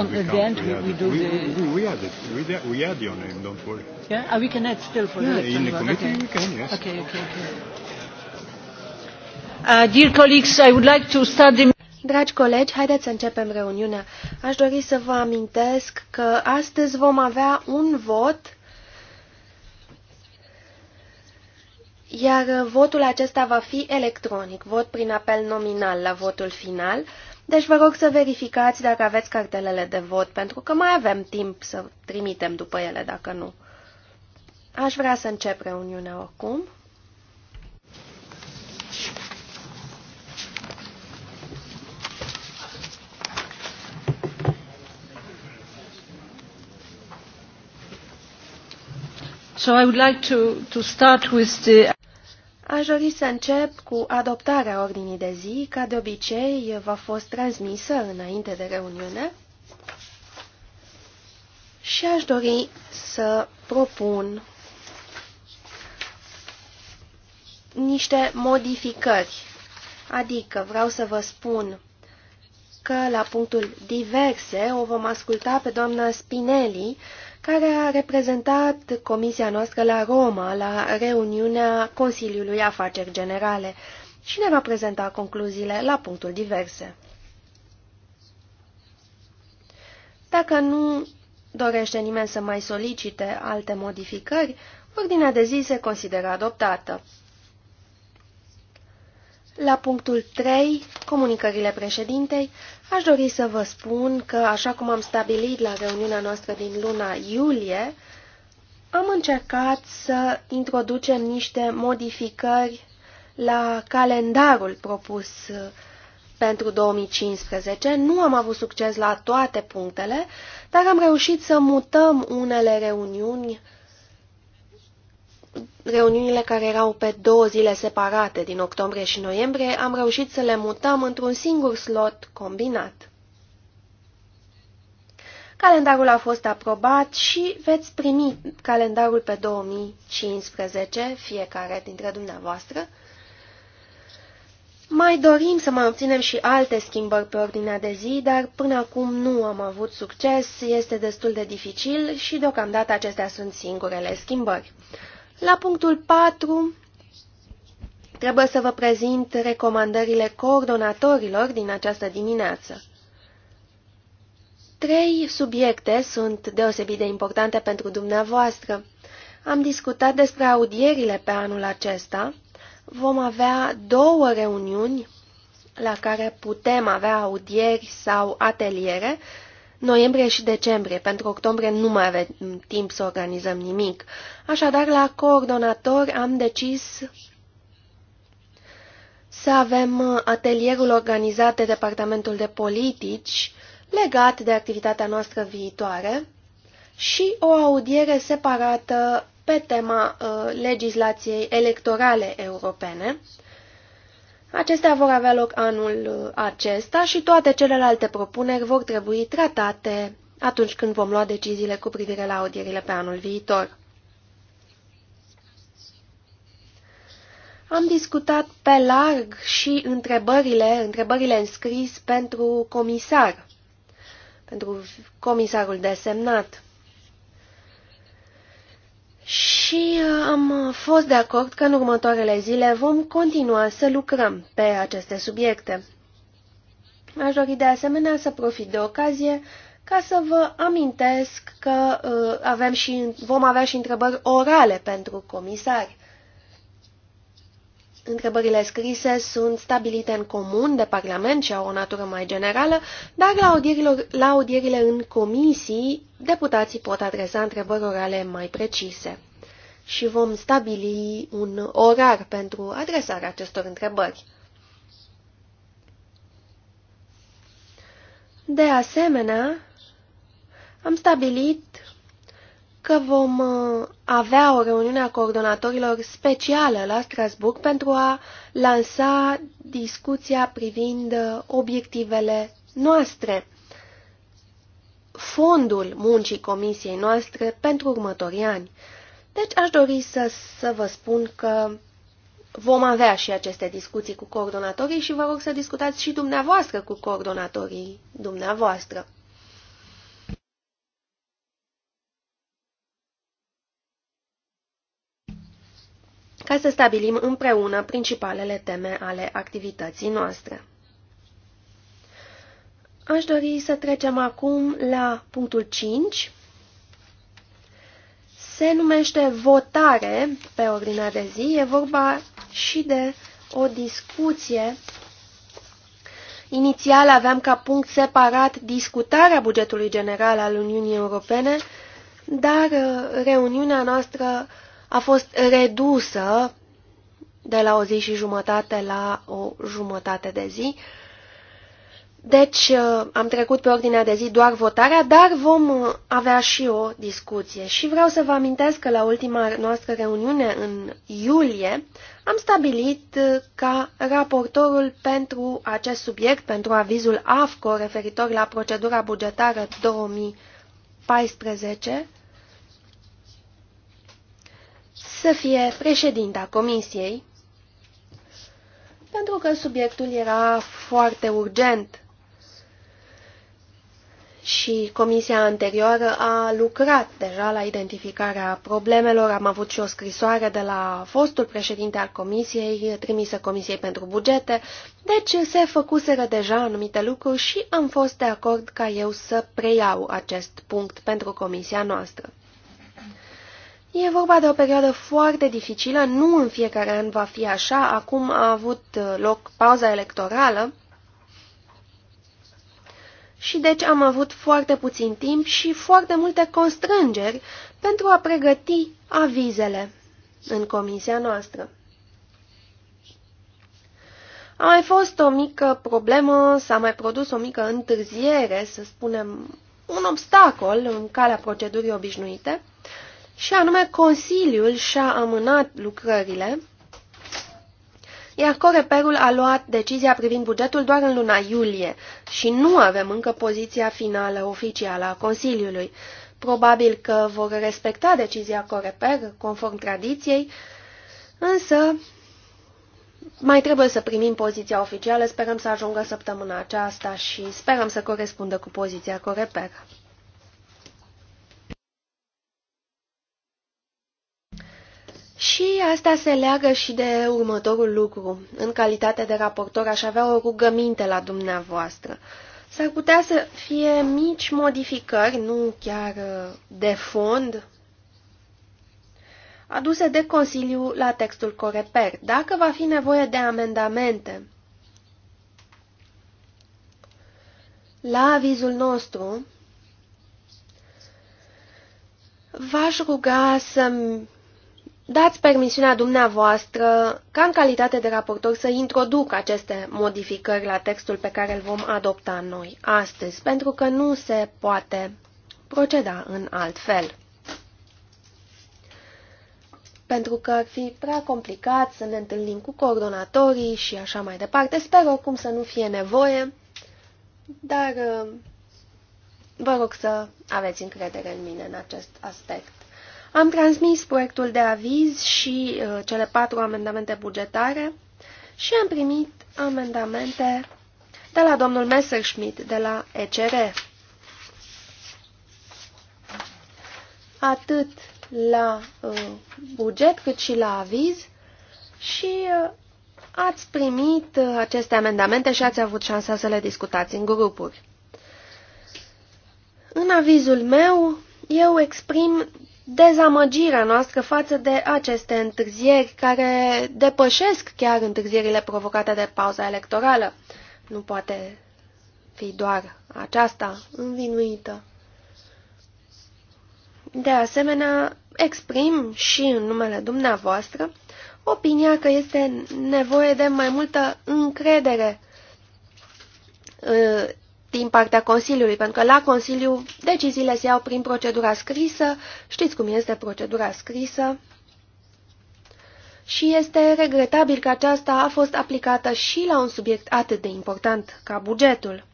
on, at the end we, we do we, the... We, we add it. We, we add your name, don't worry. Yeah? oh, we can add still for yeah, the In the committee okay. we can, yes. Okay, okay, okay. Uh, dear colleagues, I would like to start the... Dragi colegi, haideți să începem reuniunea. Aș dori să vă amintesc că astăzi vom avea un vot iar votul acesta va fi electronic, vot prin apel nominal la votul final. Uh, deci vă rog să verificați dacă aveți cartelele de vot, pentru că mai avem timp să trimitem după ele, dacă nu. Aș vrea să încep reuniunea oricum. So I would like to, to start with the... Aș dori să încep cu adoptarea ordinii de zi, ca de obicei v-a fost transmisă înainte de reuniune. Și aș dori să propun niște modificări. Adică vreau să vă spun că la punctul diverse o vom asculta pe doamna Spinelli, care a reprezentat comisia noastră la Roma, la reuniunea Consiliului Afaceri Generale și ne va prezenta concluziile la punctul diverse. Dacă nu dorește nimeni să mai solicite alte modificări, ordinea de zi se consideră adoptată. La punctul 3, comunicările președintei, aș dori să vă spun că, așa cum am stabilit la reuniunea noastră din luna iulie, am încercat să introducem niște modificări la calendarul propus uh, pentru 2015. Nu am avut succes la toate punctele, dar am reușit să mutăm unele reuniuni reuniunile care erau pe două zile separate din octombrie și noiembrie, am reușit să le mutăm într-un singur slot combinat. Calendarul a fost aprobat și veți primi calendarul pe 2015, fiecare dintre dumneavoastră. Mai dorim să mai obținem și alte schimbări pe ordinea de zi, dar până acum nu am avut succes, este destul de dificil și deocamdată acestea sunt singurele schimbări. La punctul 4 trebuie să vă prezint recomandările coordonatorilor din această dimineață. Trei subiecte sunt deosebit de importante pentru dumneavoastră. Am discutat despre audierile pe anul acesta. Vom avea două reuniuni la care putem avea audieri sau ateliere noiembrie și decembrie. Pentru octombrie nu mai avem timp să organizăm nimic. Așadar, la coordonator am decis să avem uh, atelierul organizat de Departamentul de Politici legat de activitatea noastră viitoare și o audiere separată pe tema uh, legislației electorale europene, Acestea vor avea loc anul uh, acesta și toate celelalte propuneri vor trebui tratate atunci când vom lua deciziile cu privire la audierile pe anul viitor. Am discutat pe larg și întrebările, întrebările înscris pentru comisar, pentru comisarul desemnat și uh, am uh, fost de acord că în următoarele zile vom continua să lucrăm pe aceste subiecte. Aș dori de asemenea să profit de ocazie ca să vă amintesc că uh, avem și, vom avea și întrebări orale pentru comisari. Întrebările scrise sunt stabilite în comun de Parlament și au o natură mai generală, dar la, la audierile în comisii, deputații pot adresa întrebări orale mai precise. Și vom stabili un orar pentru adresarea acestor întrebări. De asemenea, am stabilit că vom uh, avea o reuniune a coordonatorilor specială la Strasburg pentru a lansa discuția privind uh, obiectivele noastre, fondul muncii comisiei noastre pentru următorii ani. Deci aș dori să, să vă spun că vom avea și aceste discuții cu coordonatorii și vă rog să discutați și dumneavoastră cu coordonatorii dumneavoastră. ca să stabilim împreună principalele teme ale activității noastre. Aș dori să trecem acum la punctul 5. Se numește votare pe ordinea de zi. E vorba și de o discuție. Inițial aveam ca punct separat discutarea bugetului general al Uniunii Europene, dar uh, reuniunea noastră a fost redusă de la o zi și jumătate la o jumătate de zi. Deci uh, am trecut pe ordinea de zi doar votarea, dar vom uh, avea și o discuție. Și vreau să vă amintesc că la ultima noastră reuniune în iulie am stabilit uh, ca raportorul pentru acest subiect, pentru avizul AFCO referitor la procedura bugetară 2014, să fie președinta comisiei, pentru că subiectul era foarte urgent și comisia anterioară a lucrat deja la identificarea problemelor. Am avut și o scrisoare de la fostul președinte al comisiei, trimisă Comisiei pentru Bugete, deci se făcuseră deja anumite lucruri și am fost de acord ca eu să preiau acest punct pentru comisia noastră. E vorba de o perioadă foarte dificilă, nu în fiecare an va fi așa, acum a avut uh, loc pauza electorală și deci am avut foarte puțin timp și foarte multe constrângeri pentru a pregăti avizele în comisia noastră. A mai fost o mică problemă, s-a mai produs o mică întârziere, să spunem, un obstacol în calea procedurii obișnuite, și anume Consiliul și-a amânat lucrările, iar Coreperul a luat decizia privind bugetul doar în luna iulie și nu avem încă poziția finală oficială a Consiliului. Probabil că vor respecta decizia Coreper, conform tradiției, însă mai trebuie să primim poziția oficială, sperăm să ajungă săptămâna aceasta și sperăm să corespundă cu poziția Coreper. Și asta se leagă și de următorul lucru. În calitate de raportor aș avea o rugăminte la dumneavoastră. S-ar putea să fie mici modificări, nu chiar uh, de fond, aduse de Consiliu la textul Coreper, dacă va fi nevoie de amendamente. La avizul nostru, v-aș ruga să-mi dați permisiunea dumneavoastră ca în calitate de raportor să introduc aceste modificări la textul pe care îl vom adopta noi astăzi, pentru că nu se poate proceda în alt fel. Pentru că ar fi prea complicat să ne întâlnim cu coordonatorii și așa mai departe. Sper oricum să nu fie nevoie, dar uh, vă rog să aveți încredere în mine în acest aspect. Am transmis proiectul de aviz și uh, cele patru amendamente bugetare și am primit amendamente de la domnul Messerschmidt de la ECR. Atât la uh, buget cât și la aviz și uh, ați primit uh, aceste amendamente și ați avut șansa să le discutați în grupuri. În avizul meu, eu exprim dezamăgirea noastră față de aceste întârzieri care depășesc chiar întârzierile provocate de pauza electorală. Nu poate fi doar aceasta învinuită. De asemenea, exprim și în numele dumneavoastră opinia că este nevoie de mai multă încredere din partea Consiliului, pentru că la Consiliu deciziile se iau prin procedura scrisă, știți cum este procedura scrisă, și este regretabil că aceasta a fost aplicată și la un subiect atât de important ca bugetul.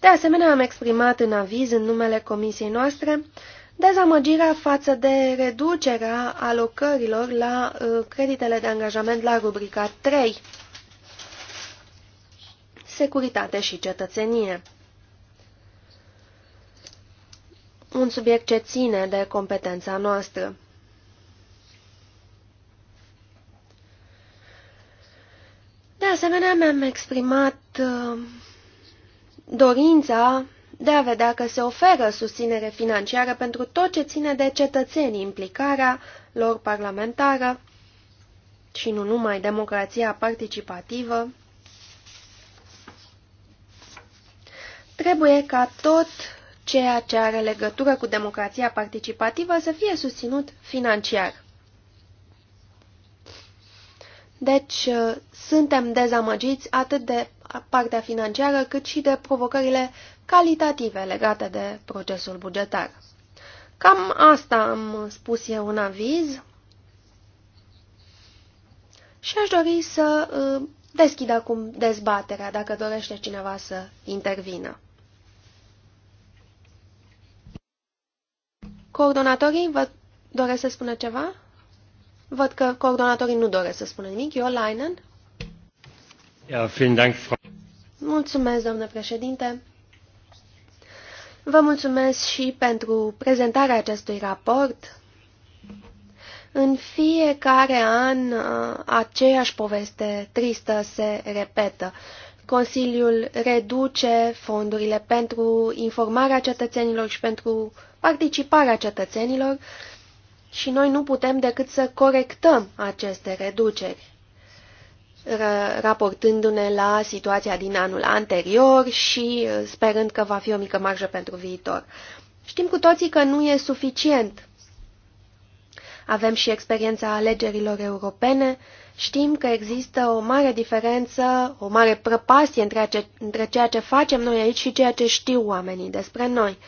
De asemenea, am exprimat în aviz în numele comisiei noastre dezamăgirea față de reducerea alocărilor la uh, creditele de angajament la rubrica 3, securitate și cetățenie. Un subiect ce ține de competența noastră. De asemenea, mi-am exprimat uh, dorința de a vedea că se oferă susținere financiară pentru tot ce ține de cetățeni, implicarea lor parlamentară și nu numai democrația participativă, Trebuie ca tot ceea ce are legătură cu democrația participativă să fie susținut financiar. Deci, uh, suntem dezamăgiți atât de partea financiară, cât și de provocările calitative legate de procesul bugetar. Cam asta am spus eu un aviz și aș dori să uh, deschid acum dezbaterea, dacă dorește cineva să intervină. Coordonatorii vă doresc să spună ceva? Văd că coordonatorii nu doresc să spună nimic. Eu, Leinen. Ja, vielen Dank, Frau. Mulțumesc, domnule președinte. Vă mulțumesc și pentru prezentarea acestui raport. În fiecare an uh, aceeași poveste tristă se repetă. Consiliul reduce fondurile pentru informarea cetățenilor și pentru participarea cetățenilor și noi nu putem decât să corectăm aceste reduceri, raportându-ne la situația din anul anterior și uh, sperând că va fi o mică marjă pentru viitor. Știm cu toții că nu e suficient. Avem și experiența alegerilor europene, Știm că există o mare diferență, o mare prăpastie între, ace, între ceea ce facem noi aici și ceea ce știu oamenii despre noi.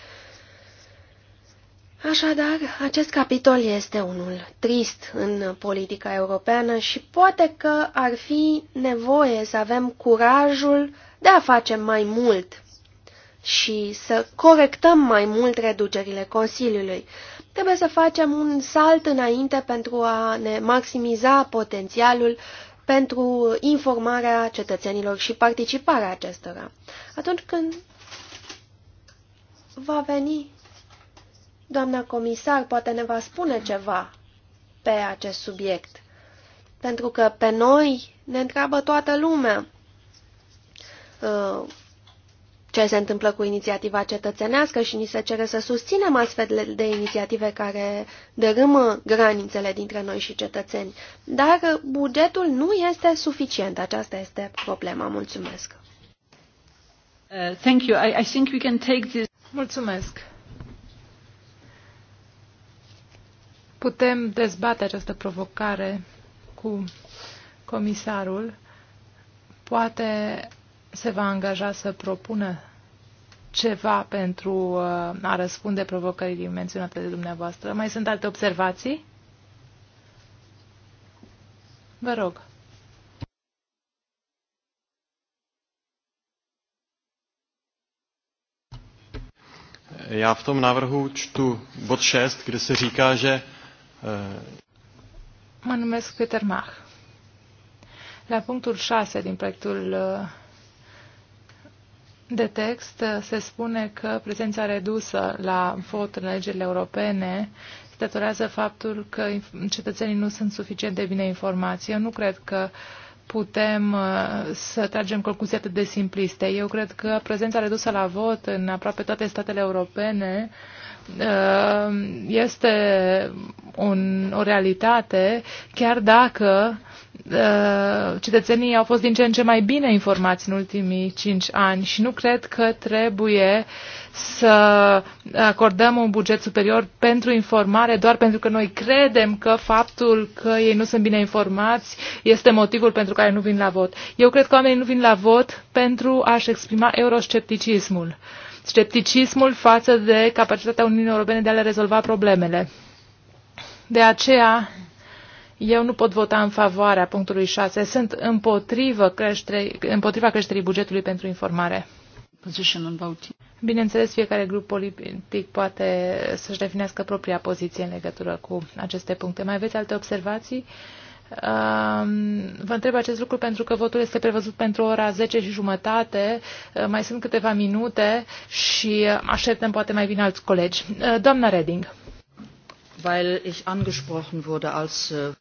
Așadar, acest capitol este unul trist în politica europeană și poate că ar fi nevoie să avem curajul de a face mai mult și să corectăm mai mult reducerile Consiliului. Trebuie să facem un salt înainte pentru a ne maximiza potențialul pentru informarea cetățenilor și participarea acestora. Atunci când va veni doamna comisar, poate ne va spune ceva pe acest subiect. Pentru că pe noi ne întreabă toată lumea uh, ce se întâmplă cu inițiativa cetățenească și ni se cere să susținem astfel de inițiative care dărâmă granițele dintre noi și cetățeni. Dar bugetul nu este suficient. Aceasta este problema. Mulțumesc. Uh, Mulțumesc. Putem dezbate această provocare cu comisarul. Poate se va angaja să propună ceva pentru uh, a răspunde provocării menționate de dumneavoastră. Mai sunt alte observații? Vă rog. Já v tom návrhu čtu bod 6, kde se říká, že... Eh, mă numesc Peter Mach. La punctul 6 din proiectul uh, de text uh, se spune că prezența redusă la vot în legile europene se datorează faptul că cetățenii nu sunt suficient de bine informați. Eu nu cred că putem uh, să tragem concluzii atât de simpliste. Eu cred că prezența redusă la vot în aproape toate statele europene uh, este un, o realitate, chiar dacă uh, Uh, cetățenii au fost din ce în ce mai bine informați în ultimii cinci ani și nu cred că trebuie să acordăm un buget superior pentru informare doar pentru că noi credem că faptul că ei nu sunt bine informați este motivul pentru care nu vin la vot. Eu cred că oamenii nu vin la vot pentru a-și exprima euroscepticismul. Scepticismul față de capacitatea Uniunii Europene de a le rezolva problemele. De aceea eu nu pot vota în favoarea punctului 6. Sunt împotrivă creșterii, împotriva creșterii bugetului pentru informare. Bineînțeles, fiecare grup politic poate să-și definească propria poziție în legătură cu aceste puncte. Mai aveți alte observații? Um, vă întreb acest lucru pentru că votul este prevăzut pentru ora 10 și jumătate. Uh, mai sunt câteva minute și așteptăm poate mai bine alți colegi. Uh, doamna Reding weil ich angesprochen wurde als äh,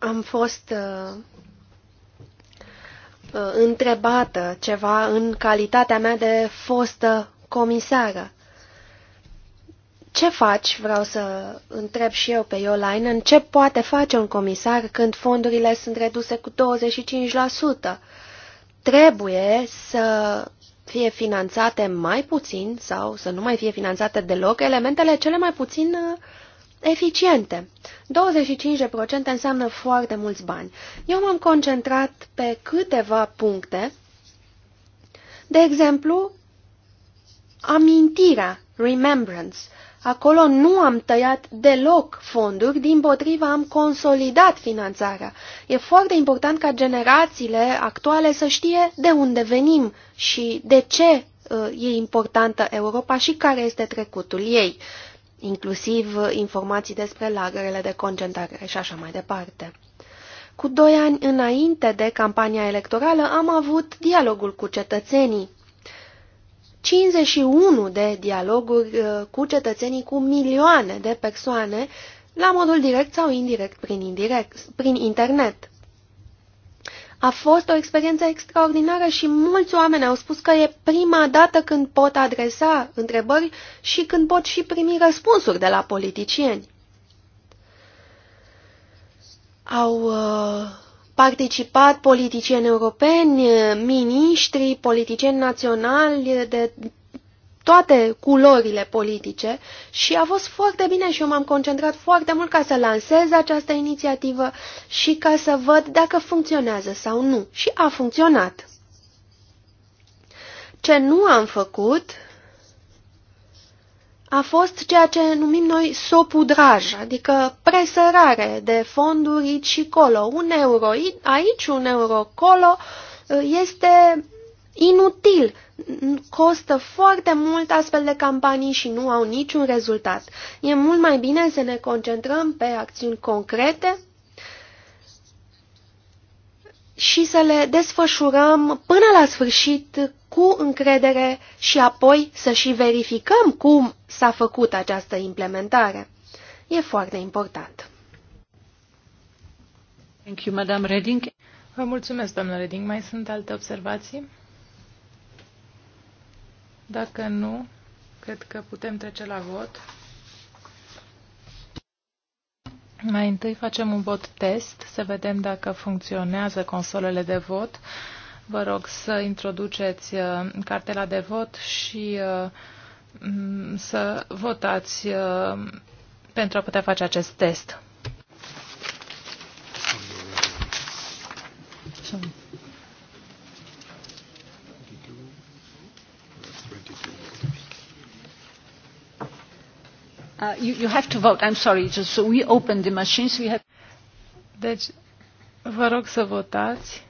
am fost uh, uh, întrebată ceva în calitatea mea de fostă comisară. Ce faci, vreau să întreb și eu pe În ce poate face un comisar când fondurile sunt reduse cu 25%? Trebuie să fie finanțate mai puțin sau să nu mai fie finanțate deloc elementele cele mai puțin uh, eficiente. 25% înseamnă foarte mulți bani. Eu m-am concentrat pe câteva puncte. De exemplu, amintirea, remembrance. Acolo nu am tăiat deloc fonduri, din potriva am consolidat finanțarea. E foarte important ca generațiile actuale să știe de unde venim și de ce uh, e importantă Europa și care este trecutul ei, inclusiv uh, informații despre lagărele de concentrare și așa mai departe. Cu doi ani înainte de campania electorală am avut dialogul cu cetățenii. 51 de dialoguri uh, cu cetățenii cu milioane de persoane, la modul direct sau indirect prin, indirect, prin internet. A fost o experiență extraordinară și mulți oameni au spus că e prima dată când pot adresa întrebări și când pot și primi răspunsuri de la politicieni. Au uh, participat politicieni europeni, miniștri, politicieni naționali de toate culorile politice și a fost foarte bine și eu m-am concentrat foarte mult ca să lansez această inițiativă și ca să văd dacă funcționează sau nu. Și a funcționat. Ce nu am făcut a fost ceea ce numim noi sopudraj, adică presărare de fonduri aici și colo. Un euro aici, un euro colo uh, este inutil. Costă foarte mult astfel de campanii și nu au niciun rezultat. E mult mai bine să ne concentrăm pe acțiuni concrete și să le desfășurăm până la sfârșit cu încredere și apoi să și verificăm cum s-a făcut această implementare. E foarte important. Thank you, Madame Reding. Vă mulțumesc, doamnă Reding. Mai sunt alte observații? Dacă nu, cred că putem trece la vot. Mai întâi facem un vot test, să vedem dacă funcționează consolele de vot. Vă rog să introduceți uh, cartela de vot și uh, să votați uh, pentru a putea face acest test. Sorry. Uh, you, have to vote. I'm sorry. Just so we open the machines. We have. Deci, vă rog să votați.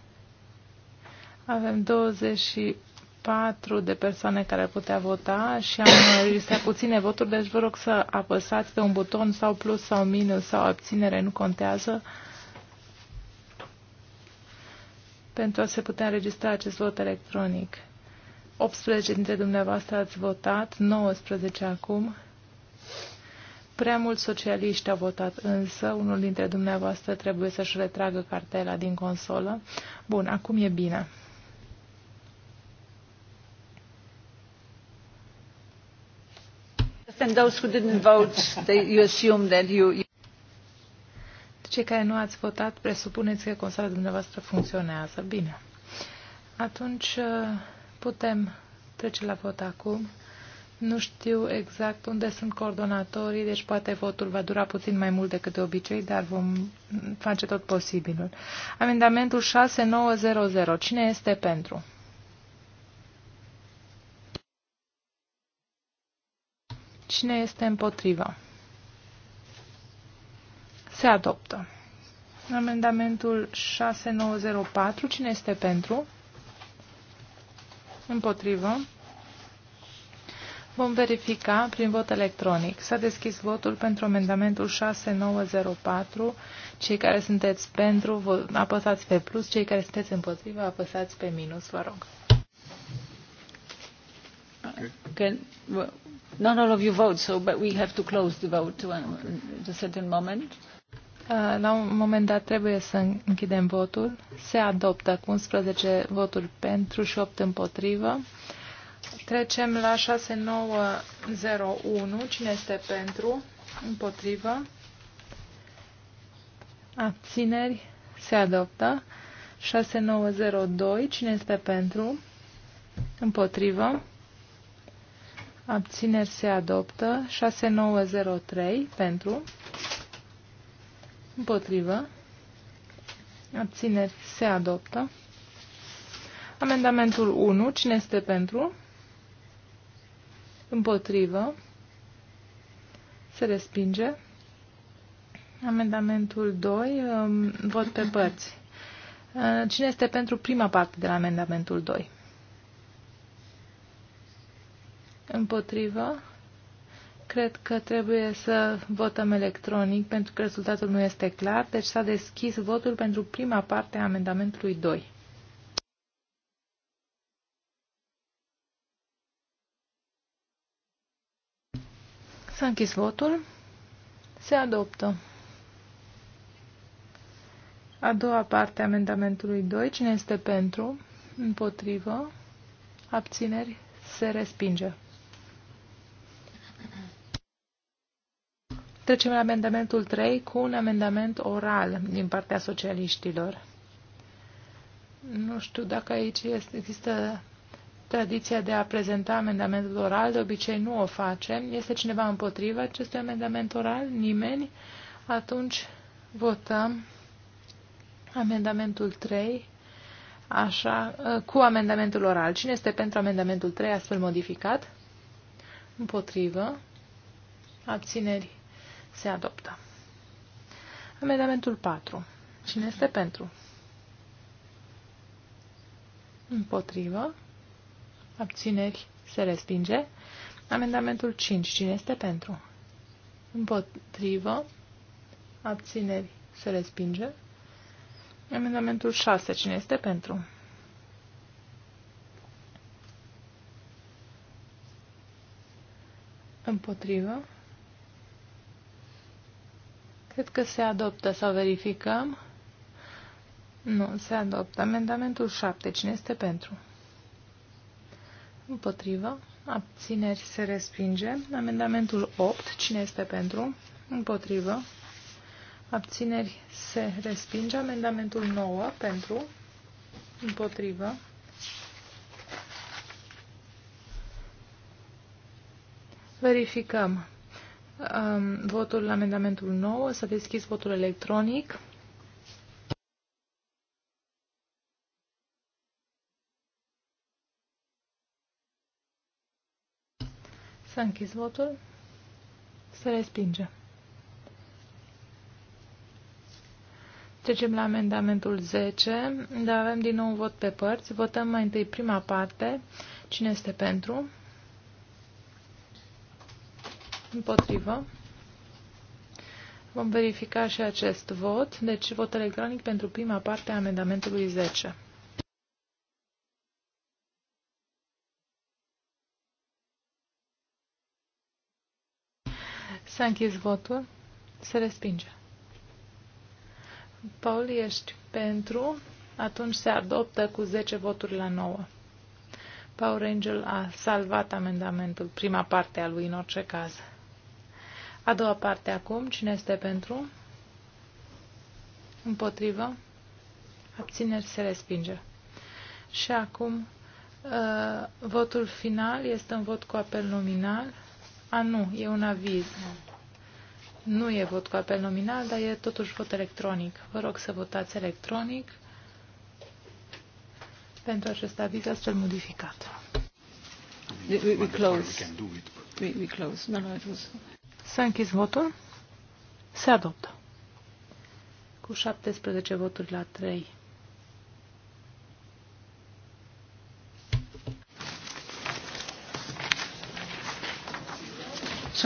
Avem 24 de persoane care ar putea vota și am registrat puține voturi, deci vă rog să apăsați pe un buton sau plus sau minus sau abținere, nu contează, pentru a se putea înregistra acest vot electronic. 18 dintre dumneavoastră ați votat, 19 acum. Prea mulți socialiști au votat, însă unul dintre dumneavoastră trebuie să-și retragă cartela din consolă. Bun, acum e bine. Cei care nu ați votat, presupuneți că consola dumneavoastră funcționează. Bine. Atunci uh, putem trece la vot acum. Nu știu exact unde sunt coordonatorii, deci poate votul va dura puțin mai mult decât de obicei, dar vom face tot posibilul. Amendamentul 6900. Cine este pentru? Cine este împotriva? Se adoptă. Amendamentul 6904. Cine este pentru? Împotrivă. Vom verifica prin vot electronic. S-a deschis votul pentru amendamentul 6904. Cei care sunteți pentru, apăsați pe plus. Cei care sunteți împotriva, apăsați pe minus, vă rog. Can, well, of you vote, so but we have to close the vote to at a certain moment. Uh, la un moment dat trebuie să închidem votul. Se adoptă cu 11 voturi pentru și 8 împotrivă. Trecem la 6901. Cine este pentru? Împotrivă. Abțineri. Se adoptă. 6902. Cine este pentru? Împotrivă. Abțineri se adoptă. 6903. Pentru. Împotrivă. Abțineri se adoptă. Amendamentul 1. Cine este pentru? Pentru împotrivă, se respinge. Amendamentul 2, um, vot pe părți. Uh, cine este pentru prima parte de la amendamentul 2? Împotrivă. Cred că trebuie să votăm electronic pentru că rezultatul nu este clar, deci s-a deschis votul pentru prima parte a amendamentului 2. S-a închis votul. Se adoptă. A doua parte a amendamentului 2. Cine este pentru? Împotrivă? Abțineri? Se respinge. Trecem la amendamentul 3 cu un amendament oral din partea socialiștilor. Nu știu dacă aici este, există tradiția de a prezenta amendamentul oral, de obicei nu o facem. Este cineva împotriva acestui amendament oral? Nimeni? Atunci votăm amendamentul 3 așa, uh, cu amendamentul oral. Cine este pentru amendamentul 3 astfel modificat? Împotrivă. Abțineri. Se adoptă. Amendamentul 4. Cine este pentru? Împotrivă abțineri, se respinge. Amendamentul 5. Cine este pentru? Împotrivă, abțineri, se respinge. Amendamentul 6. Cine este pentru? Împotrivă. Cred că se adoptă sau verificăm. Nu, se adoptă. Amendamentul 7. Cine este pentru? Împotrivă. Abțineri se respinge. Amendamentul 8. Cine este pentru? Împotrivă. Abțineri se respinge. Amendamentul 9. Pentru. Împotrivă. Verificăm. Um, votul la amendamentul 9. S-a deschis votul electronic. Să închizi votul. să respinge. Trecem la amendamentul 10, dar avem din nou un vot pe părți. Votăm mai întâi prima parte. Cine este pentru? Împotrivă. Vom verifica și acest vot. Deci, vot electronic pentru prima parte a amendamentului 10. Să închizi votul. Se respinge. Paul, ești pentru. Atunci se adoptă cu 10 voturi la 9. Paul Angel a salvat amendamentul, prima parte a lui în orice caz. A doua parte acum, cine este pentru? Împotrivă? Abțineri se respinge. Și acum, uh, votul final este un vot cu apel nominal. A, nu, e un aviz. Nu. Nu e vot cu apel nominal, dar e totuși vot electronic. Vă rog să votați electronic pentru acest aviz astfel modificat. We, we, close. We, we close. No, no, it was... S-a închis votul. Se adoptă. Cu 17 voturi la 3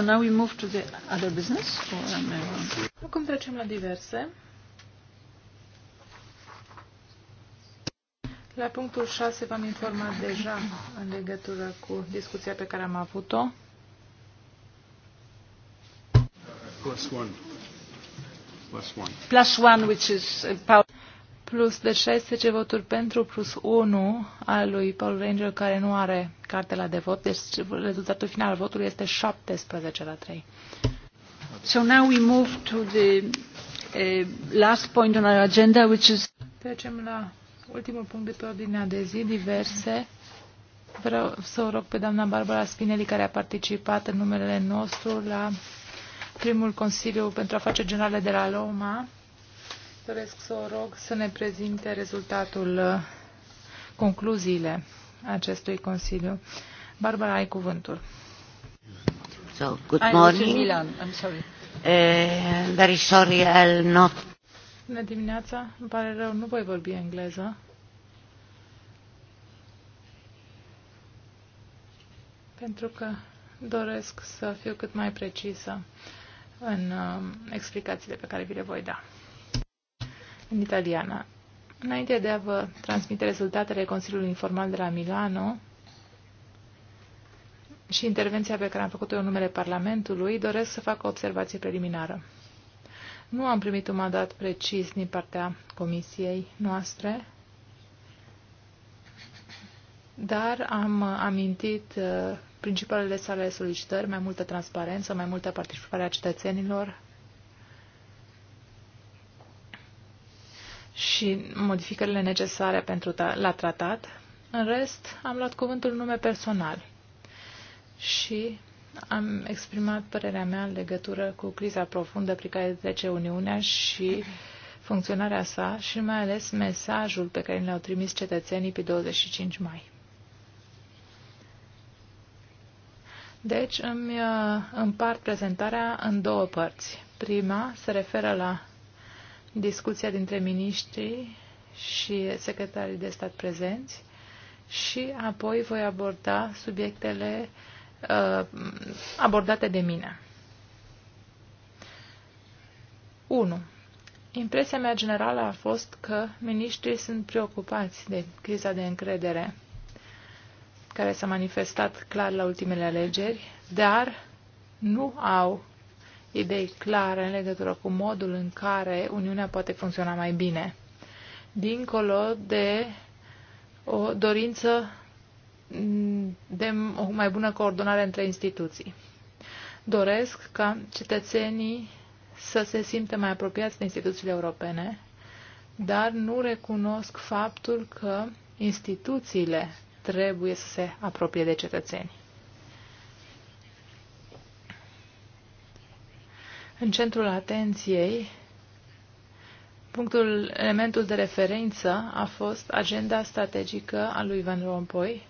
So now we move to the other business? Acum trecem la diverse. La punctul 6 v-am informat deja în legătură cu discuția pe care am avut-o. Plus one. Plus one. Plus one, which is uh, power plus de 16 voturi pentru plus 1 al lui Paul Ranger care nu are cartela de vot. Deci rezultatul final al votului este 17 la 3. So now we move to the uh, last point on our agenda which is Trecem la ultimul punct de pe ordinea de zi, diverse. Vreau să o rog pe doamna Barbara Spinelli, care a participat în numele nostru la primul Consiliu pentru Afaceri Generale de la Loma, doresc să o rog să ne prezinte rezultatul, uh, concluziile acestui Consiliu. Barbara, ai cuvântul. So, good morning. Milan, I'm sorry. Uh, very sorry, I'll not... Bună dimineața, îmi pare rău, nu voi vorbi engleză. Pentru că doresc să fiu cât mai precisă în uh, explicațiile pe care vi le voi da în italiană. Înainte de a vă transmite rezultatele Consiliului Informal de la Milano și intervenția pe care am făcut-o în numele Parlamentului, doresc să fac o observație preliminară. Nu am primit un mandat precis din partea comisiei noastre, dar am amintit uh, principalele sale solicitări, mai multă transparență, mai multă participare a cetățenilor, și modificările necesare pentru ta, la tratat. În rest, am luat cuvântul nume personal și am exprimat părerea mea în legătură cu criza profundă prin care trece Uniunea și funcționarea sa și mai ales mesajul pe care l-au trimis cetățenii pe 25 mai. Deci îmi uh, împart prezentarea în două părți. Prima se referă la discuția dintre miniștrii și secretarii de stat prezenți și apoi voi aborda subiectele uh, abordate de mine. 1. Impresia mea generală a fost că miniștrii sunt preocupați de criza de încredere care s-a manifestat clar la ultimele alegeri, dar nu au idei clare în legătură cu modul în care Uniunea poate funcționa mai bine, dincolo de o dorință de o mai bună coordonare între instituții. Doresc ca cetățenii să se simtă mai apropiați de instituțiile europene, dar nu recunosc faptul că instituțiile trebuie să se apropie de cetățeni. în centrul atenției, punctul, elementul de referință a fost agenda strategică a lui Van Rompuy,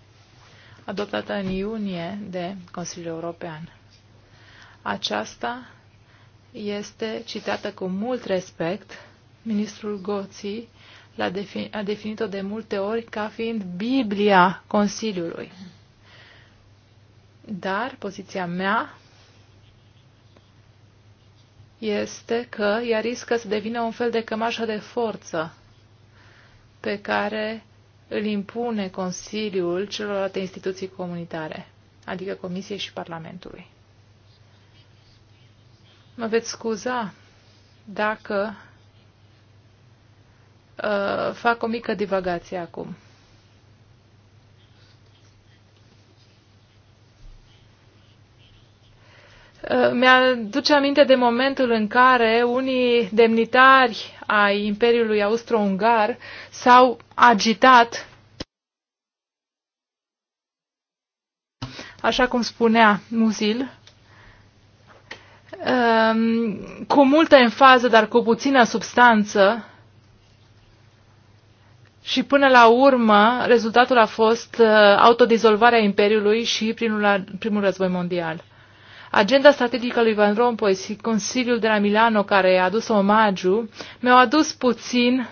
adoptată în iunie de Consiliul European. Aceasta este citată cu mult respect. Ministrul Goții a, defin- a definit-o de multe ori ca fiind Biblia Consiliului. Dar poziția mea este că ea riscă să devină un fel de cămașă de forță pe care îl impune Consiliul celorlalte instituții comunitare, adică Comisiei și Parlamentului. Mă veți scuza dacă uh, fac o mică divagație acum. Eh, mi-aduce aminte de momentul în care unii demnitari ai Imperiului Austro-Ungar s-au agitat, așa cum spunea Muzil, eh, cu multă enfază, dar cu puțină substanță, și până la urmă, rezultatul a fost uh, autodizolvarea Imperiului și primul, primul război mondial. Agenda strategică lui Van Rompuy și Consiliul de la Milano, care a adus omagiu, mi-au adus puțin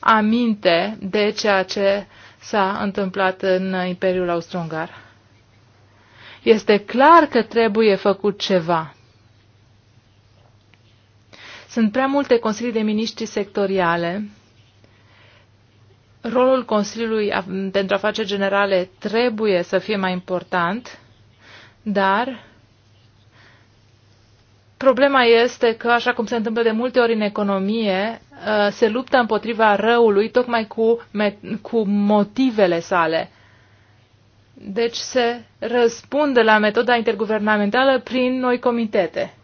aminte de ceea ce s-a întâmplat în Imperiul Austro-Ungar. Este clar că trebuie făcut ceva. Sunt prea multe consilii de miniștri sectoriale. Rolul Consiliului pentru Afaceri Generale trebuie să fie mai important dar problema este că, așa cum se întâmplă de multe ori în economie, uh, se luptă împotriva răului tocmai cu, cu motivele sale. Deci se răspunde la metoda interguvernamentală prin noi comitete.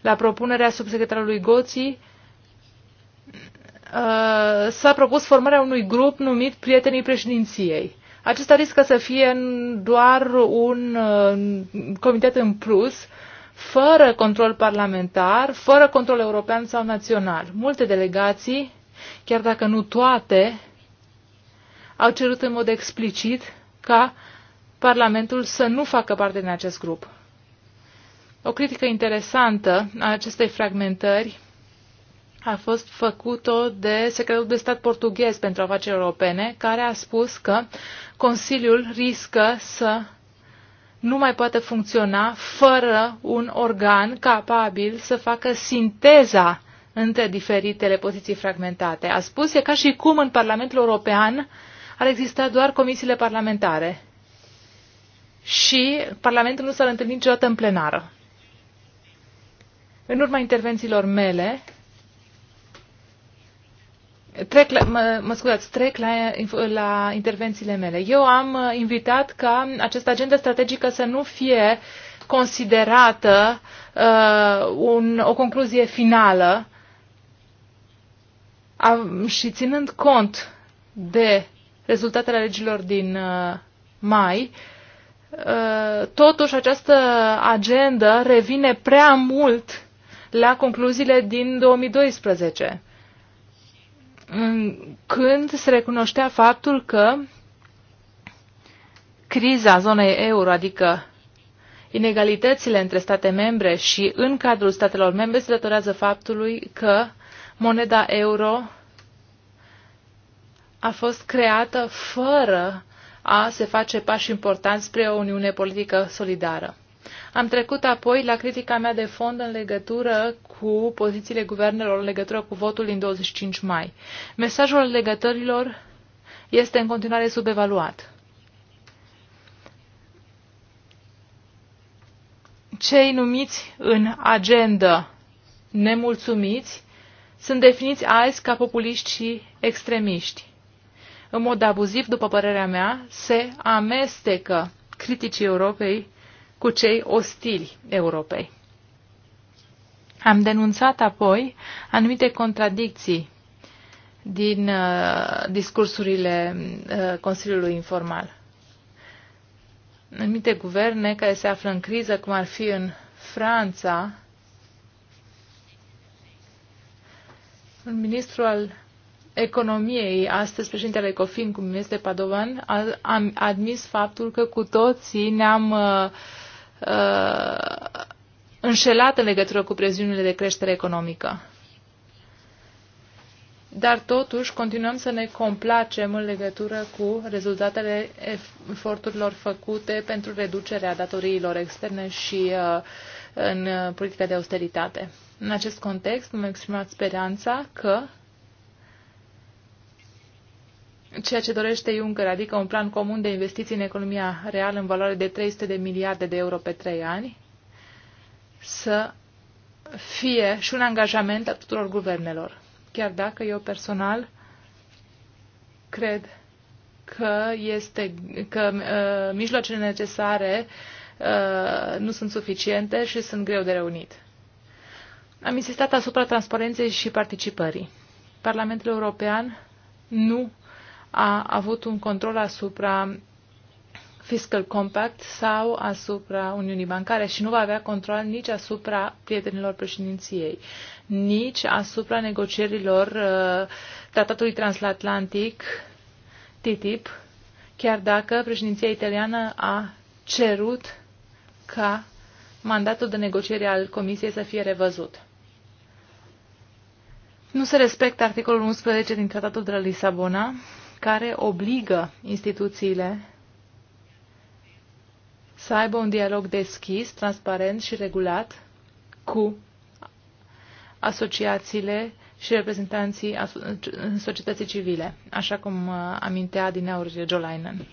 La propunerea subsecretarului Goții uh, s-a propus formarea unui grup numit Prietenii Președinției acesta riscă să fie doar un uh, comitet în plus, fără control parlamentar, fără control european sau național. Multe delegații, chiar dacă nu toate, au cerut în mod explicit ca Parlamentul să nu facă parte din acest grup. O critică interesantă a acestei fragmentări a fost făcut-o de secretul de stat portughez pentru afaceri europene, care a spus că Consiliul riscă să nu mai poate funcționa fără un organ capabil să facă sinteza între diferitele poziții fragmentate. A spus, e ca și cum în Parlamentul European ar exista doar comisiile parlamentare și Parlamentul nu s-ar întâlni niciodată în plenară. În urma intervențiilor mele, Trec la, mă, mă scuzați, trec la, la intervențiile mele. Eu am uh, invitat ca această agendă strategică să nu fie considerată uh, un, o concluzie finală a, și ținând cont de rezultatele legilor din uh, mai, uh, totuși această agendă revine prea mult la concluziile din 2012 când se recunoștea faptul că criza zonei euro, adică inegalitățile între state membre și în cadrul statelor membre se datorează faptului că moneda euro a fost creată fără a se face pași importanți spre o uniune politică solidară. Am trecut apoi la critica mea de fond în legătură cu pozițiile guvernelor în legătură cu votul din 25 mai. Mesajul legătorilor este în continuare subevaluat. Cei numiți în agenda nemulțumiți sunt definiți azi ca populiști și extremiști. În mod abuziv, după părerea mea, se amestecă criticii Europei cu cei ostili Europei. Am denunțat apoi anumite contradicții din uh, discursurile uh, Consiliului Informal. Anumite guverne care se află în criză, cum ar fi în Franța, un ministru al economiei, astăzi președintele Ecofin cum este Padovan, a, a admis faptul că cu toții ne-am uh, uh, înșelat în legătură cu preziunile de creștere economică. Dar totuși continuăm să ne complacem în legătură cu rezultatele eforturilor făcute pentru reducerea datoriilor externe și uh, în politica de austeritate. În acest context, mă exprimat speranța că ceea ce dorește Juncker, adică un plan comun de investiții în economia reală în valoare de 300 de miliarde de euro pe 3 ani, să fie și un angajament al tuturor guvernelor. Chiar dacă eu personal cred că, este, că uh, mijloacele necesare uh, nu sunt suficiente și sunt greu de reunit. Am insistat asupra transparenței și participării. Parlamentul European nu a avut un control asupra fiscal compact sau asupra Uniunii Bancare și nu va avea control nici asupra prietenilor președinției, nici asupra negocierilor uh, tratatului transatlantic TTIP, chiar dacă președinția italiană a cerut ca mandatul de negociere al Comisiei să fie revăzut. Nu se respectă articolul 11 din Tratatul de la Lisabona, care obligă instituțiile să aibă un dialog deschis, transparent și regulat cu asociațiile și reprezentanții societății civile, așa cum uh, amintea din aur Jolainen.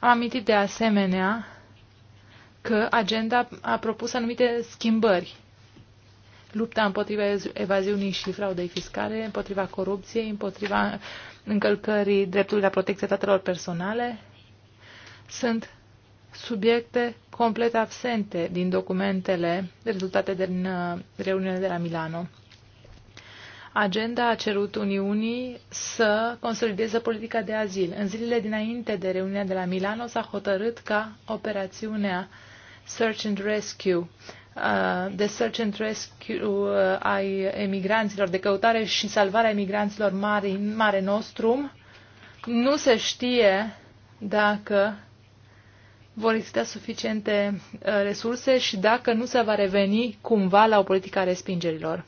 Am amintit de asemenea că agenda a propus anumite schimbări lupta împotriva evaziunii și fraudei fiscale, împotriva corupției, împotriva încălcării dreptului la protecție datelor personale, sunt subiecte complet absente din documentele rezultate din uh, reuniunea de la Milano. Agenda a cerut Uniunii să consolideze politica de azil. În zilele dinainte de reuniunea de la Milano s-a hotărât ca operațiunea Search and Rescue Uh, de search and rescue uh, ai emigranților, de căutare și salvarea emigranților mari în Mare Nostrum. Nu se știe dacă vor exista suficiente uh, resurse și dacă nu se va reveni cumva la o politică a respingerilor.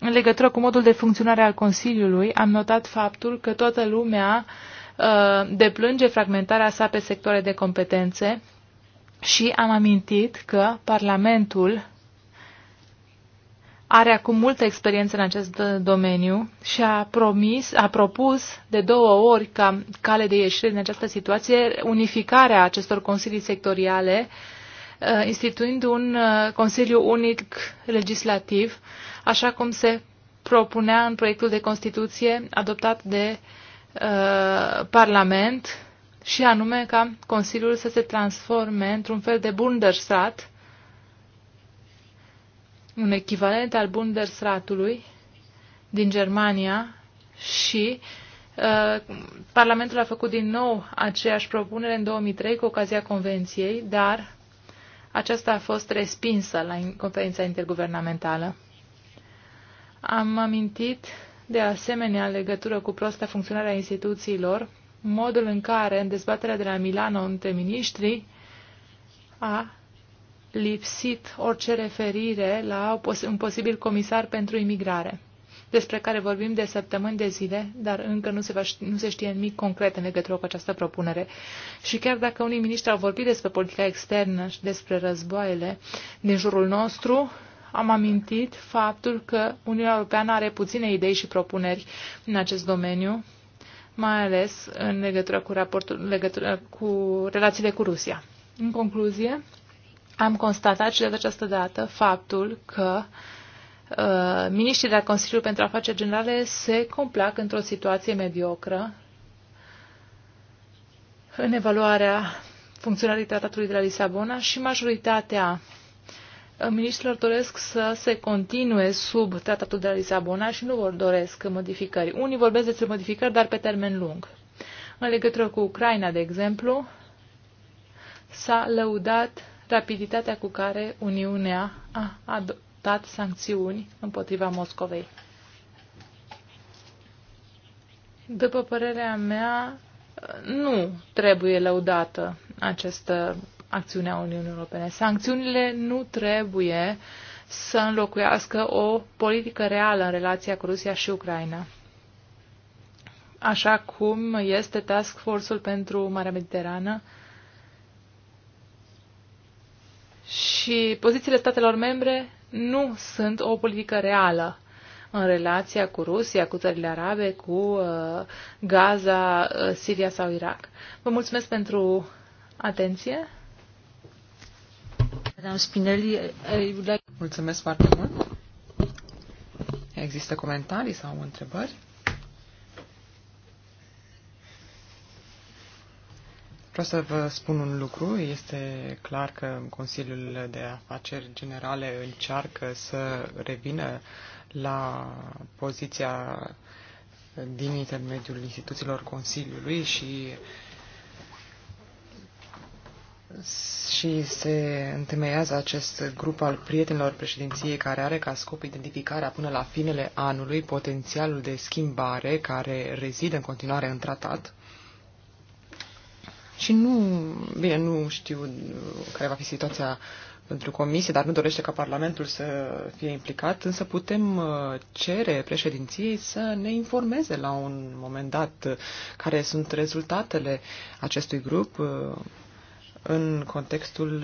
În legătură cu modul de funcționare al Consiliului, am notat faptul că toată lumea deplânge fragmentarea sa pe sectoare de competențe, și am amintit că Parlamentul are acum multă experiență în acest domeniu și a, promis, a propus de două ori ca cale de ieșire din această situație unificarea acestor consilii sectoriale, uh, instituind un uh, Consiliu unic legislativ, așa cum se propunea în proiectul de Constituție adoptat de uh, Parlament și anume ca Consiliul să se transforme într-un fel de Bundesrat, un echivalent al Bundesratului din Germania și uh, Parlamentul a făcut din nou aceeași propunere în 2003 cu ocazia Convenției, dar aceasta a fost respinsă la conferința interguvernamentală. Am amintit de asemenea legătură cu prosta funcționarea instituțiilor modul în care, în dezbaterea de la Milano între miniștri, a lipsit orice referire la un posibil comisar pentru imigrare, despre care vorbim de săptămâni de zile, dar încă nu se, va, nu se știe nimic concret în legătură cu această propunere. Și chiar dacă unii miniștri au vorbit despre politica externă și despre războaiele din jurul nostru, am amintit faptul că Uniunea Europeană are puține idei și propuneri în acest domeniu mai ales în legătură cu, raportul, legătură cu relațiile cu Rusia. În concluzie, am constatat și de această dată faptul că uh, miniștrii de la Consiliul pentru Afaceri Generale se complac într-o situație mediocră în evaluarea funcționării Tratatului de la Lisabona și majoritatea Ministrilor doresc să se continue sub tratatul de la Lisabona și nu vor doresc modificări. Unii vorbesc despre modificări, dar pe termen lung. În legătură cu Ucraina, de exemplu, s-a lăudat rapiditatea cu care Uniunea a adoptat sancțiuni împotriva Moscovei. După părerea mea, nu trebuie lăudată această acțiunea Uniunii Europene. Sancțiunile nu trebuie să înlocuiască o politică reală în relația cu Rusia și Ucraina, așa cum este Task Force-ul pentru Marea Mediterană și pozițiile statelor membre nu sunt o politică reală în relația cu Rusia, cu țările arabe, cu uh, Gaza, uh, Siria sau Irak. Vă mulțumesc pentru atenție Madame Spinelli, I would like... Mulțumesc foarte mult. Există comentarii sau întrebări? Vreau să vă spun un lucru. Este clar că Consiliul de Afaceri Generale încearcă să revină la poziția din intermediul instituțiilor Consiliului și și se întemeiază acest grup al prietenilor președinției care are ca scop identificarea până la finele anului potențialul de schimbare care rezide în continuare în tratat. Și nu, bine, nu știu care va fi situația pentru comisie, dar nu dorește ca Parlamentul să fie implicat, însă putem uh, cere președinției să ne informeze la un moment dat care sunt rezultatele acestui grup, uh, în contextul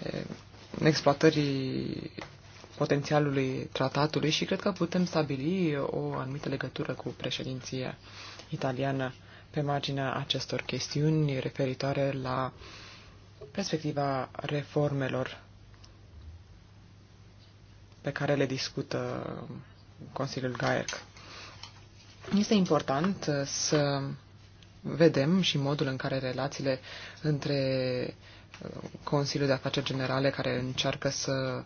uh, exploatării potențialului tratatului și cred că putem stabili o anumită legătură cu președinția italiană pe marginea acestor chestiuni referitoare la perspectiva reformelor pe care le discută Consiliul GAERC. Este important să vedem și modul în care relațiile între uh, Consiliul de Afaceri Generale care încearcă să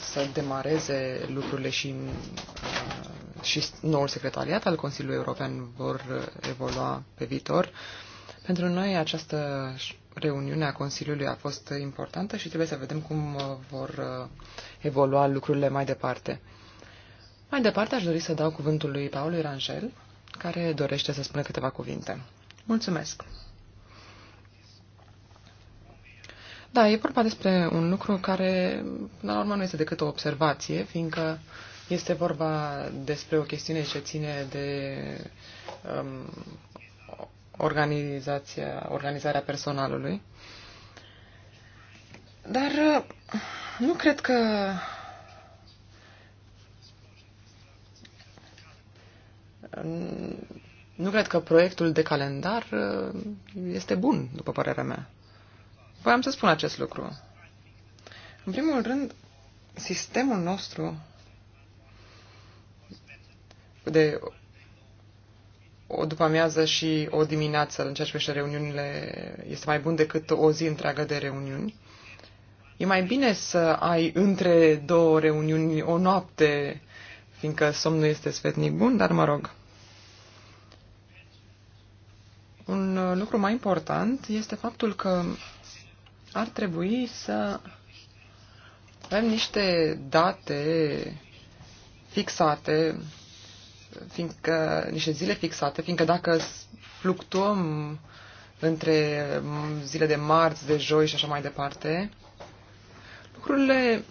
să demareze lucrurile și, uh, și noul secretariat al Consiliului European vor uh, evolua pe viitor. Pentru noi această reuniune a Consiliului a fost importantă și trebuie să vedem cum vor evolua lucrurile mai departe. Mai departe aș dori să dau cuvântul lui Paul Rangel, care dorește să spună câteva cuvinte. Mulțumesc! Da, e vorba despre un lucru care, la urmă, nu este decât o observație, fiindcă este vorba despre o chestiune ce ține de um, organizația, organizarea personalului. Dar uh, nu cred că Nu cred că proiectul de calendar uh, este bun, după părerea mea. Voiam să spun acest lucru. În primul rând, sistemul nostru de o după amiază și o dimineață în ceea ce privește reuniunile este mai bun decât o zi întreagă de reuniuni. E mai bine să ai între două reuniuni o noapte, fiindcă somnul este sfetnic bun, dar mă rog. Un uh, lucru mai important este faptul că ar trebui să avem niște date fixate, fiindcă, niște zile fixate, fiindcă dacă fluctuăm între zile de marți, de joi și așa mai departe, lucrurile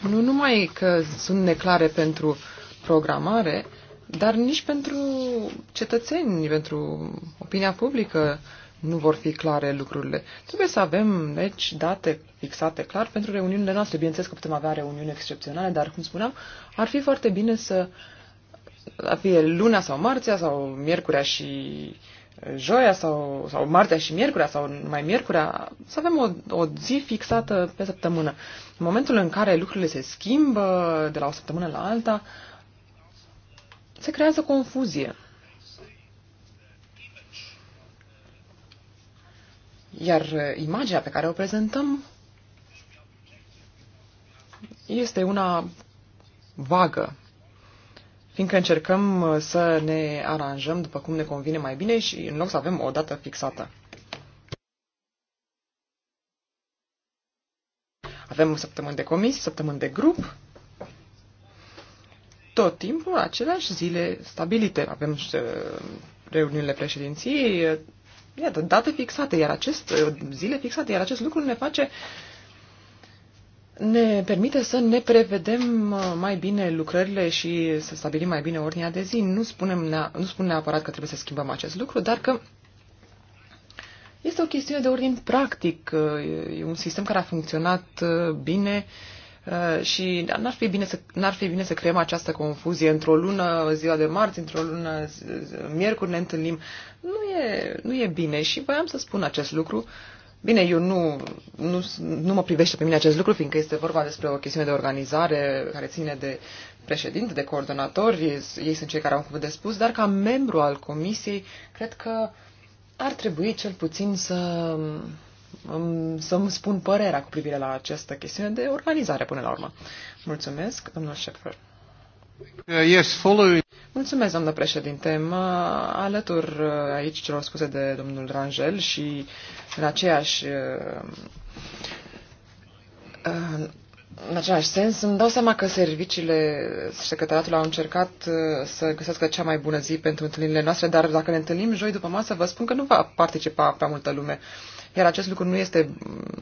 nu numai că sunt neclare pentru programare, dar nici pentru cetățeni, pentru opinia publică nu vor fi clare lucrurile. Trebuie să avem, deci, date fixate clar pentru reuniunile noastre. Bineînțeles că putem avea reuniuni excepționale, dar, cum spuneam, ar fi foarte bine să fie luna sau marțea sau miercurea și joia sau, sau martea și miercurea sau mai miercurea, să avem o, o zi fixată pe săptămână. În momentul în care lucrurile se schimbă de la o săptămână la alta, uh, se creează confuzie. Iar uh, imaginea pe care o prezentăm este una vagă, fiindcă încercăm uh, să ne aranjăm după cum ne convine mai bine și în loc să avem o dată fixată. Avem săptămâni de comisii, săptămâni de grup tot timpul aceleași zile stabilite. Avem uh, reuniunile președinției, uh, iată, date fixate, iar acest, uh, zile fixate, iar acest lucru ne face ne permite să ne prevedem mai bine lucrările și să stabilim mai bine ordinea de zi. Nu, spunem, nu spun neapărat că trebuie să schimbăm acest lucru, dar că este o chestiune de ordin practic. E un sistem care a funcționat bine Uh, și n-ar fi, bine să, n-ar fi bine să creăm această confuzie. Într-o lună, ziua de marți, într-o lună, miercuri ne întâlnim. Nu e, nu e bine și voiam să spun acest lucru. Bine, eu nu, nu, nu mă privește pe mine acest lucru, fiindcă este vorba despre o chestiune de organizare care ține de președinte, de coordonatori, ei sunt cei care au cuvânt de spus, dar ca membru al comisiei, cred că ar trebui cel puțin să să-mi spun părerea cu privire la această chestiune de organizare până la urmă. Mulțumesc, domnul Șeffer. Uh, yes, follow. Mulțumesc, doamnă președinte. Mă alătur uh, aici celor spuse de domnul Rangel și în aceeași uh, în același sens, îmi dau seama că serviciile secretariatului au încercat să găsească cea mai bună zi pentru întâlnirile noastre, dar dacă ne întâlnim joi după masă, vă spun că nu va participa prea multă lume. Iar acest lucru nu este,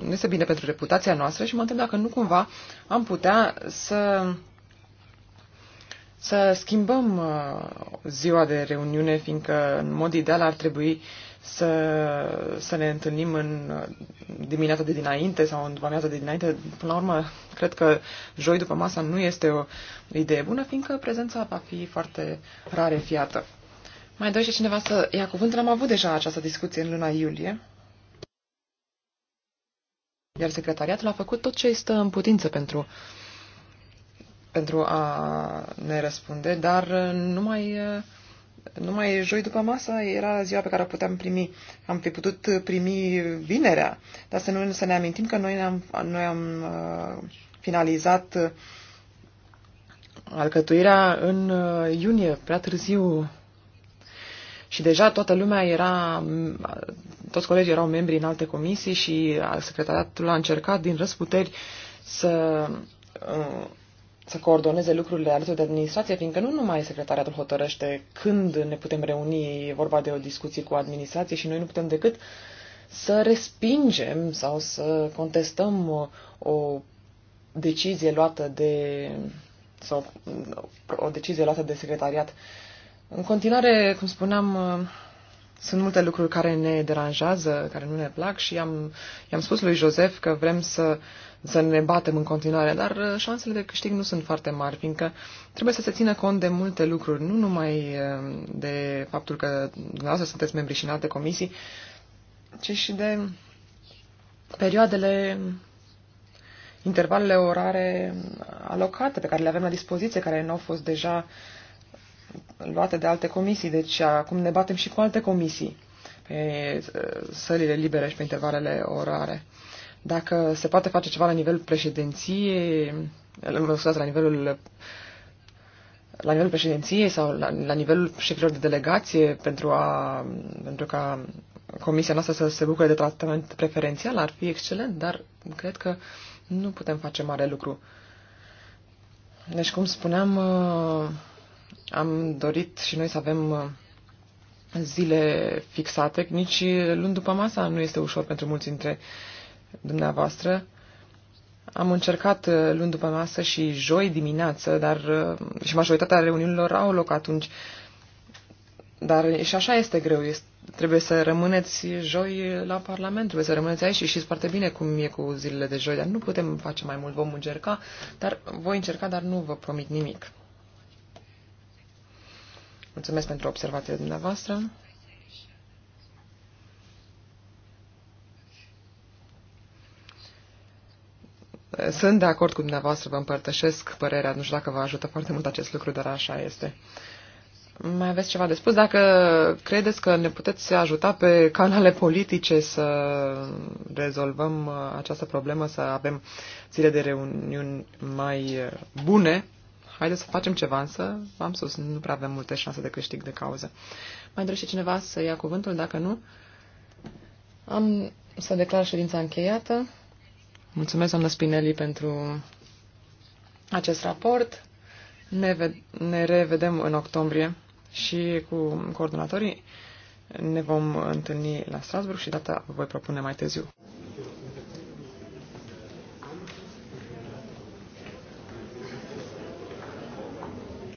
nu este bine pentru reputația noastră și mă întreb dacă nu cumva am putea să să schimbăm uh, ziua de reuniune, fiindcă în mod ideal ar trebui să, să ne întâlnim în uh, dimineața de dinainte sau în după de dinainte. Până la urmă, cred că joi după masa nu este o idee bună, fiindcă prezența va fi foarte fiată. Mai dorește cineva să ia cuvântul? Am avut deja această discuție în luna iulie. Iar secretariatul a făcut tot ce este în putință pentru, pentru a ne răspunde, dar uh, numai, uh, numai joi după masă era ziua pe care o puteam primi. Am fi putut primi vinerea, dar să, nu, să ne amintim că noi am, noi am uh, finalizat alcătuirea în iunie, prea târziu și deja toată lumea era, toți colegii erau membri în alte comisii și secretariatul a încercat din răsputeri să, să coordoneze lucrurile alături de administrație, fiindcă nu numai secretariatul hotărăște când ne putem reuni, e vorba de o discuție cu administrație și noi nu putem decât să respingem sau să contestăm o decizie luată de sau o decizie luată de secretariat uh, în continuare, cum spuneam, uh, sunt multe lucruri care ne deranjează, care nu ne plac și am, i-am spus lui Joseph că vrem să, să ne batem în continuare, dar uh, șansele de câștig nu sunt foarte mari, fiindcă trebuie să se țină cont de multe lucruri, nu numai uh, de faptul că dumneavoastră sunteți membri și în alte comisii, ci și de perioadele, intervalele orare alocate pe care le avem la dispoziție, care nu au fost deja uh, luate de alte comisii, deci acum ne batem și cu alte comisii pe uh, sălile libere și pe intervalele orare. Dacă se poate face ceva la nivelul președinției, scuzați, la nivelul la nivelul președinției sau la, la nivelul șefilor de delegație pentru, a, pentru ca comisia noastră să se bucure de tratament preferențial ar fi excelent, dar cred că nu putem face mare lucru. Deci, cum spuneam, uh, am dorit și noi să avem uh, zile fixate, nici luni după masa nu este ușor pentru mulți dintre dumneavoastră. Am încercat uh, luni după masă și joi dimineață, dar uh, și majoritatea reuniunilor au loc atunci. Dar și așa este greu. Este, trebuie să rămâneți joi la Parlament, trebuie să rămâneți aici și știți foarte bine cum e cu zilele de joi, dar nu putem face mai mult. Vom încerca, dar voi încerca, dar nu vă promit nimic. Mulțumesc pentru observațiile dumneavoastră. Sunt de acord cu dumneavoastră, vă împărtășesc părerea, nu știu dacă vă ajută foarte mult acest lucru, dar așa este. Mai aveți ceva de spus? Dacă credeți că ne puteți ajuta pe canale politice să rezolvăm uh, această problemă, să avem zile de reuniuni mai uh, bune, haideți să facem ceva, însă, v-am spus, nu prea avem multe șanse de câștig de cauză. Mai dorește cineva să ia cuvântul? Dacă nu, am să declar ședința încheiată. Mulțumesc, doamnă Spinelli, pentru acest raport. Ne, ne revedem în octombrie și cu coordonatorii ne vom întâlni la Strasburg și data vă voi propune mai târziu.